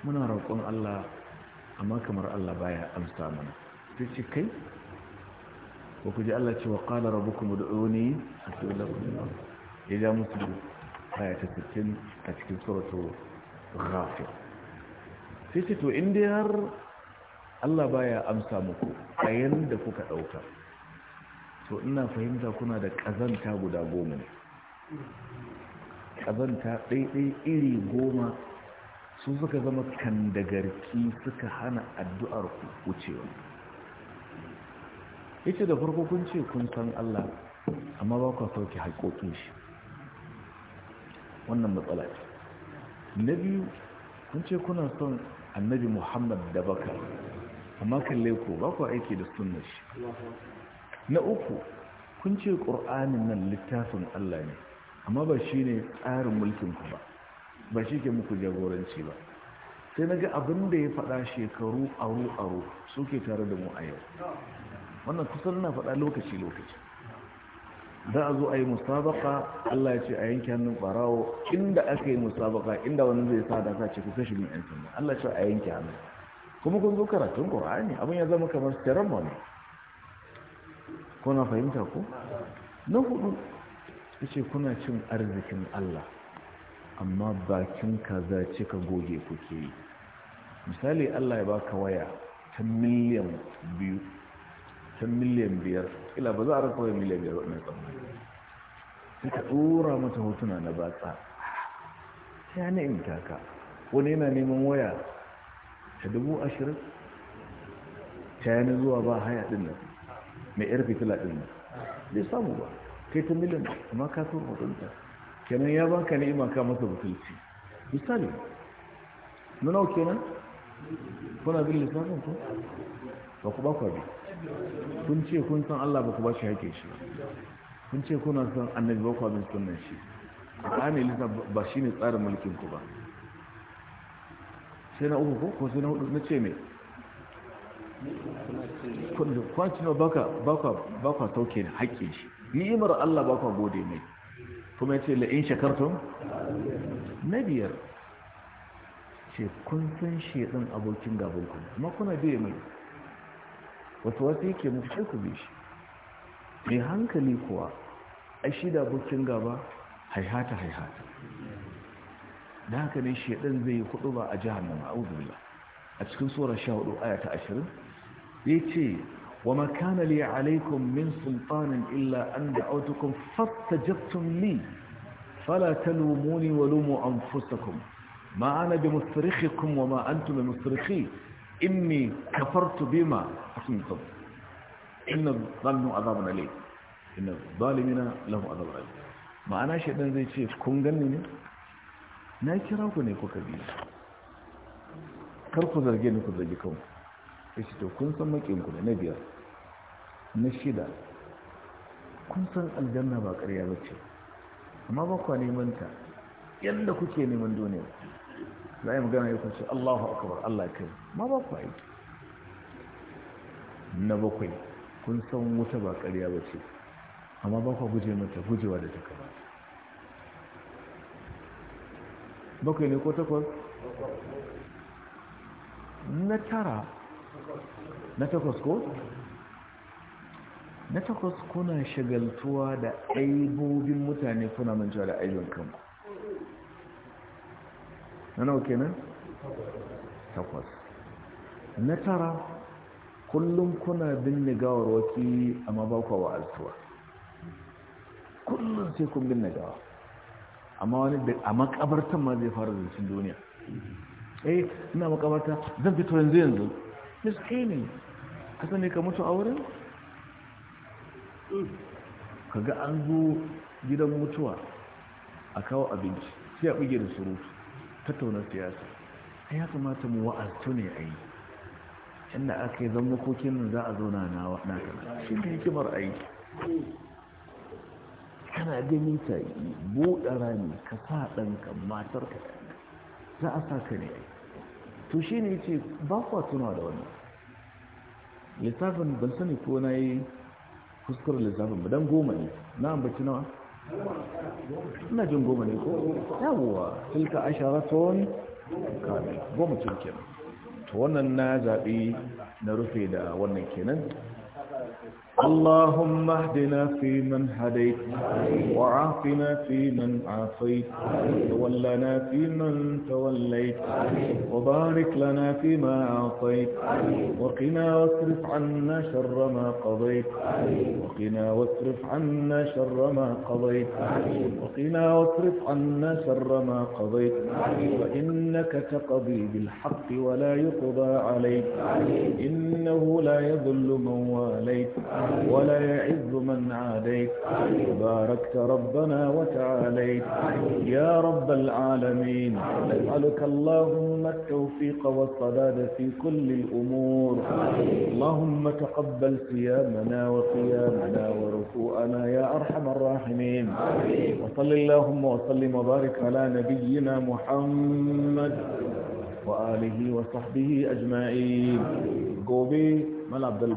muna roƙon allah amma kamar allah baya amsa mana sai ce kai ba ku ji allah ce wa ƙala rabu kuma da oni a cikin lafiya ya ja musu aya ta fitin a cikin surato rafi sai ce to inda har allah baya amsa muku a yanda kuka ɗauka so ina fahimta kuna da ƙazanta guda goma ne ƙazanta ɗaiɗai iri goma su suka zama kandagarki suka hana addu'ar wucewa ita da farko kun ce kun san Allah amma ba ku sauke haƙoƙin shi wannan matsala ce na biyu kun ce kuna son annabi muhammad da baka amma kalle ku ba ku aiki da sunna shi na uku kun ce ƙur'anin nan littafin Allah ne amma ba shi ne tsarin mulkinku ba ba shi ke muku jagoranci ba sai na ga abin da ya faɗa shekaru aro-aro suke tare da mu a yau wannan kusan na faɗa lokaci-lokaci za a zo a yi musabaka Allah ya ce a yanke hannun ɓarawo inda aka yi musabaka inda wani zai sa da sace ku kashe min 'yan Allah ya ce a yanke hannun kuma kun zo karatun ƙur'ani abin ya zama kamar ceremony kuna fahimta ko na hudu yace kuna cin arzikin Allah amma bakin kaza cika goge kuke yi misali Allah ya baka waya ta miliyan biyu ta miliyan biyar ila ba za a rasa miliyan biyar waɗannan tsammani sai ka tsora mata hotuna na batsa ya na in taka wani yana neman waya ta dubu ashirin ta yana zuwa ba haya ɗin mai yar fitila ɗin nan bai samu ba kai ta miliyan amma ka so mutunta kenan ya baka ni'ima ka masa butulci misali na nawa kenan kuna bin lissafin ku ba ku ba ku abi kun ce kun san Allah ba ku ba shi hake shi kun ce kuna san annabi ba ku abin sunan shi ƙane lissafin ba shi ne tsarin mulkin ku ba sai na uku ko sai na hudu na ce mai kwanciyo ba kwa sauke da haƙƙi shi ni'imar Allah ba kwa gode mai kuma ya ce la'in shakartun? na biyar ce kun san shaɗin abokin gabanku amma kuna biya mai wata wata yake mu ku bi shi mai hankali kuwa a shi da abokin gaba haihata haihata da haka ne shaɗin zai yi kuɗu ba a jihar nan a a cikin tsoron sura 14 aya ta ya ce wa ma kana li min sultanin illa an da da'awtukum fastajabtum li fala talumuni wa lumu anfusakum ma ana bi kun wa ma antum bi musrikhi inni kafartu bima asuntum inna dhannu adhabun alayh inna zalimina lahu adhabun alayh ma'ana shedan zai ce kun ganni ne na kira ku ne kuka bi kar ku zarge ni ku zargi kanku ya ce to kun san ku da na biyar na shida kun san aljanna ba ƙarya ba ce amma ba kwa neman ta yadda kuke neman duniya za a yi magana ya kwanci allahu akabar allah kai ma ba kwa yi na bakwai kun san wuta ba ƙarya ba ce amma ba kwa guje mata gujewa da ta kama bakwai ne ko takwas na tara na takwas ko? na takwas kuna shagaltuwa da aibobin mutane kuna mancewa da aibin kanku na nawa kenan? takwas na tara kullum kuna binne gawarwaki amma ba kwa wa'altuwa kullum sai kun binne gawa amma wani da a makabartan ma zai fara zancen duniya eh ina makabarta zan fito yanzu yanzu miskini ka sani ka mutu a wurin ka ga an zo gidan mutuwa a kawo abinci sai a buge da surutu tattaunar siyasa a ya kamata mu wa'azto ne a yi inda aka yi zama kokin za a zauna na kana shi ne hikimar aiki kana gani ta yi buɗa rami ka sa ɗanka matarka za a saka ne to shi ne ce ba kwa tunawa da wannan littafin ban sani ko na yi fuskar littafin ba don goma ne na ambaci nawa ina jin goma ne ko yawuwa tilka asharaton kamil goma cin kenan to wannan na zaɓi na rufe da wannan kenan اللهم اهدنا فيمن هديت وعافنا فيمن عافيت تولنا فيمن توليت وبارك لنا فيما أعطيت وقنا واصرف عنا شر ما قضيت وقنا واصرف عنا شر ما قضيت وقنا واصرف عنا شر ما قضيت وإنك تقضي بالحق ولا يقضى عليك إنه لا يذل من واليت ولا يعز من عاديت باركت ربنا وتعاليت يا رب العالمين نسألك اللهم التوفيق والصداد في كل الأمور اللهم تقبل صيامنا وقيامنا وركوعنا يا أرحم الراحمين وصل اللهم وسلم وبارك على نبينا محمد وآله وصحبه أجمعين قوبي mal عبد